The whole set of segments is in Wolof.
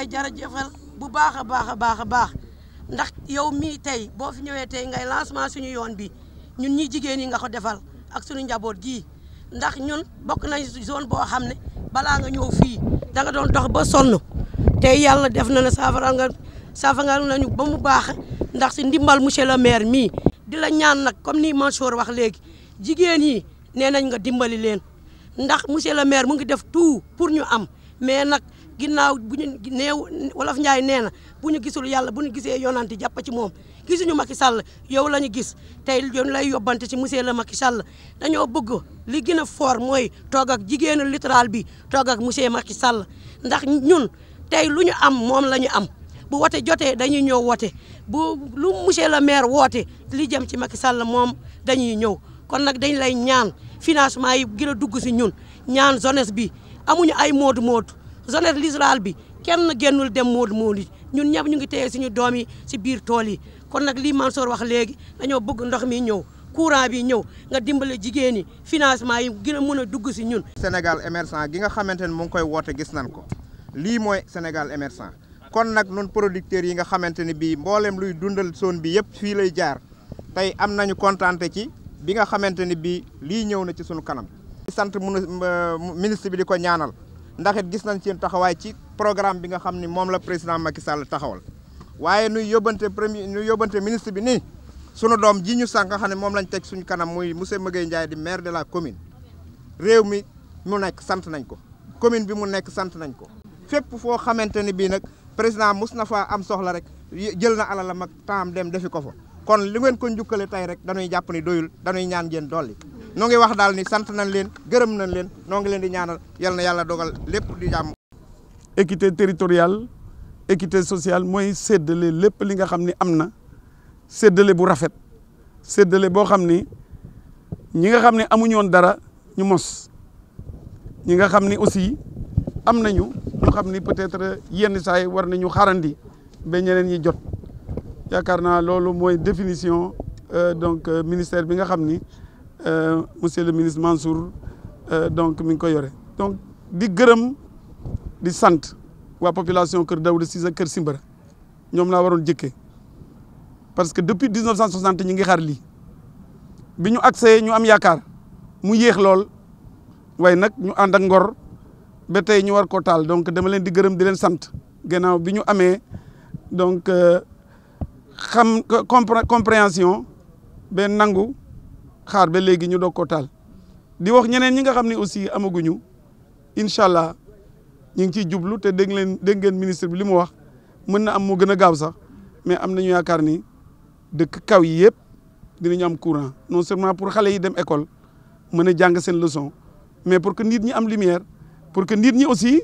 lay jërëjëfal bu baax a baax a baax a baax ndax yow mii tey boo fi ñëwee tey ngay lancement suñu yoon bi ñun ñi jigéen yi nga ko defal ak suñu njaboot gii ndax ñun bokk nañ zone boo xam ne balaa nga ñëw fii da nga doon dox ba sonn tey yàlla def na ne saafara nga saafara nañu ba mu baax ndax si ndimbal monsieur le maire mii di la ñaan nag comme ni Mansour wax léegi jigéen yi nee nañ nga dimbali leen ndax monsieur le maire mu ngi def tout pour ñu am mais nag ginnaaw bu ñu neew wolof Njaay nee na bu ñu gisul yàlla bu ñu gisee yonanti jàpp ci moom gisuñu maki Sall yow la ñu gis tey yoon lay yobbante ci monsieur le maki salla dañoo bëgg li gën a fort mooy toog ak jigéenu littoral bi toog ak monsieur Macky Sall ndax ñun tey lu ñu am moom la ñu am bu wote jotee dañuy ñëw wote bu lu monsieur le maire woote li jëm ci Macky Sall moom dañuy ñëw kon nag dañ lay ñaan financement yi gën a dugg si ñun ñaan jeunesse bi amuñu ay moodu moodu jeunesse l'Israël bi kenn génnul dem moodu moodu ñun ñëpp ñu ngi teye suñu doom yi si biir tool yi kon nag lii Mansour wax léegi dañoo bëgg ndox mi ñëw courant bi ñëw nga dimbale jigéen ñi financement yi gën mun a dugg si ñun. Sénégal émergent gi nga xamante ne mu ngi koy woote gis nañ ko lii mooy Sénégal émergent kon nag nun producteurs yi nga xamante ni bii mboolem luy dundal zone bi yëpp fii lay jaar tey am nañu kontaan ci bi nga xamante ni bii lii ñëw na ci sunu kanam. sant ministre bi di ko ñaanal ndax it gis nañ seen taxawaay ci programme bi nga xam ni moom la président Macky Sall taxawal waaye nuy yóbbante premier nuy yóbbante ministre bi nii sunu doom ji ñu sànq nga xam ne moom lañ teg suñu kanam muy monsieur Magueye di maire de la commune réew mi mu nekk sant nañ ko commune bi mu nekk sant nañ ko fépp foo xamante ni bii nag président mos na faa am soxla rek jël na alalam mag temps dem defi ko fa kon li ngeen kon njukkale tey rek dañuy jàpp ni doyul dañuy ñaan ngeen dolli noo ngi wax daal ni sant nañ leen gërëm nañ leen noo ngi leen di ñaanal yal na yàlla dogal lépp di jàmm. équité teritorial équité sociale mooy séddale lépp li nga xam ni am na séddale bu rafet séddale boo xam ni ñi nga xam ne amuñu woon dara ñu mos ñi nga xam ni aussi am nañu ñu xam ni peut-être yenn saa yi war nañu xaarandi ba ñeneen ñi jot. yakarna naa moy définition euh, donc euh, ministère bi nga xamni euh, monsieur le ministre Mansour euh, donc mi ngi ko yore donc di gërëm di sante wa population Kër Daouda ci Kër Simbara ñom la waron jëkkee parce que depuis 1960 ñi ngi xaar li biñu accès ñu am yakar mu yéex lool way nak ñu and ak ngor ba tay ñu war ko taal donc dama leen di gërëm di leen sante gënaaw biñu amé donc donc. Euh, xam compréhension ben nangu xaar ba léegi ñu doog ko taal di wax ñeneen ñi nga xamni aussi amaguñu incha allah ñu ngi ciy jublu te dégg leen dégg ngeen ministre bi limu wax mën na am mo gëna gaaw sax mais am nañu yaakaar ni dëkk kaw yi yëpp dinañu am courant non seulement pour xalé yi dem école mëna jang sen leçon mais pour que nit ñi am lumière pour que nit ñi aussi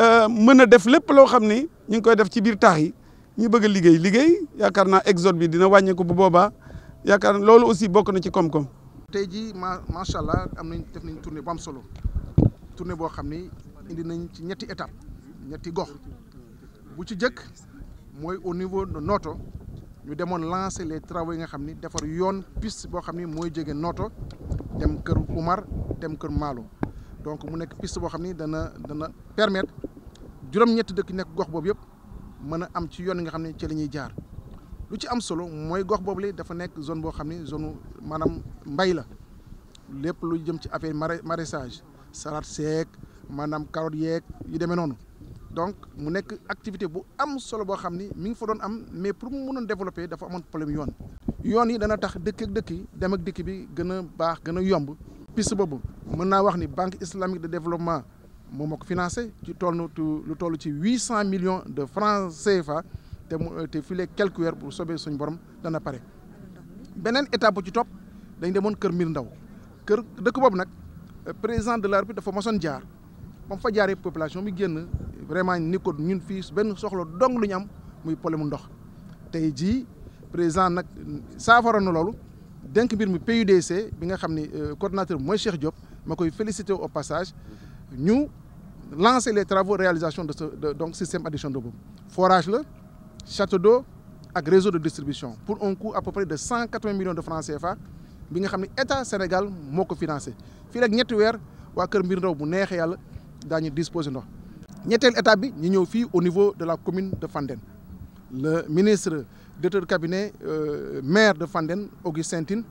euh mëna def lepp lo xamni ñi ngi koy def ci biir taax yi. ñi bëgg liggéey liggéey yaakaar naa exode bi dina wàññeeku bu boobaa yaakaar loolu aussi bokk na ci koom-koom. tey jii ma macha allah am nañ def nañ tournée bu am solo tournée boo xam ni indi nañ ci ñetti étape ñetti gox bu ci jëkk mooy au niveau de Noto ñu demoon lancer les travaux yi nga xam ni defar yoon piste boo xam ni mooy Noto dem kër Oumar dem kër Malo donc mu nekk piste boo xam ni dana dana permettre juróom-ñetti dëkk nekk gox boobu yëpp. mën am ci yoon nga xam ci lañuy jaar lu ci am solo moy gox boobule dafa nek zone bo xam zone manam mbay la lepp lu jëm ci affaire maraîchage salade sec manam carotte yek yu démé noonu donc mu nek activité bu am solo bo xam mi ngi fa doon am mais pour mu mëna développer dafa amone problème yoon yoon yi dana tax dëkk ak dëkk yi dem ak dikk bi gëna a baax gën yomb piste bobu mën wax ni banque islamique de développement mo moo ko financé ci toll lu toll ci 800 millions de francs CFA té mu te file quelques heures pour sobé suñ borom dana paré benen étape ci top dañ demoon kër mir Ndaw kër dëkk bob nak euh, président de la République dafa mosoon jaar ba mu fa jaaree population mi génn vraiment ni ko ñun fi benn soxlo dong lu ñam muy problème ndox tay ji président nak saafara na lolu denk bir mi PUDC bi nga xamni euh, coordinateur moy Cheikh Diop makoy féliciter au passage ñu lancer les travaux de réalisation de ce donc système addition de Forage le, château d'eau avec réseau de distribution pour un coût à peu près de 180 millions de francs CFA bi nga l'État état Sénégal Il y financé fii rek ñetti weer waa Kër Mbir Ndaw bu disposer ndox état au niveau de la commune de Fanden. le ministre directeur de cabinet euh, maire de Fanden, Augustin Tine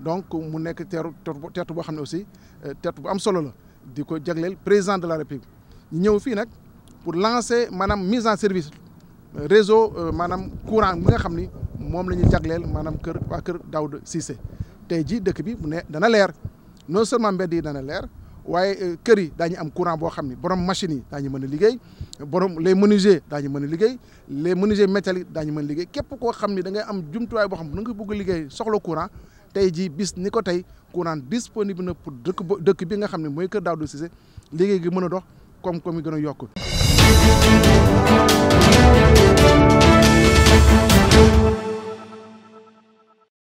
donc mu nekk teeru teertu boo aussi euh, teertu am solo du ko président de la république ñu ñëw fii nag pour lancer Madame mise en service euh, réseau euh, Madame courant nga xamni mom lañu la ñu kër waa kër Daouda Cissé tay ji dëkk bi mu né dana lèr non seulement mbedd yi dana leer waaye euh, kër yi dañu am courant bo xamni borom machine yi dañu mëna a liggéey borom les menuisiers dañu mëna a liggéey les menuisiers métalliques dañu mëna a liggéey képp ko xamni da ngay am jumtuway bo xamni da nga bëgg liggéey soxla courant. tey jii bis ni ko tey courant disponible na pour dëkk dëkk bi nga xam ne mooy Kër Daouda Cissé liggéey gi mën a dox koom-koom yi gën a yokk.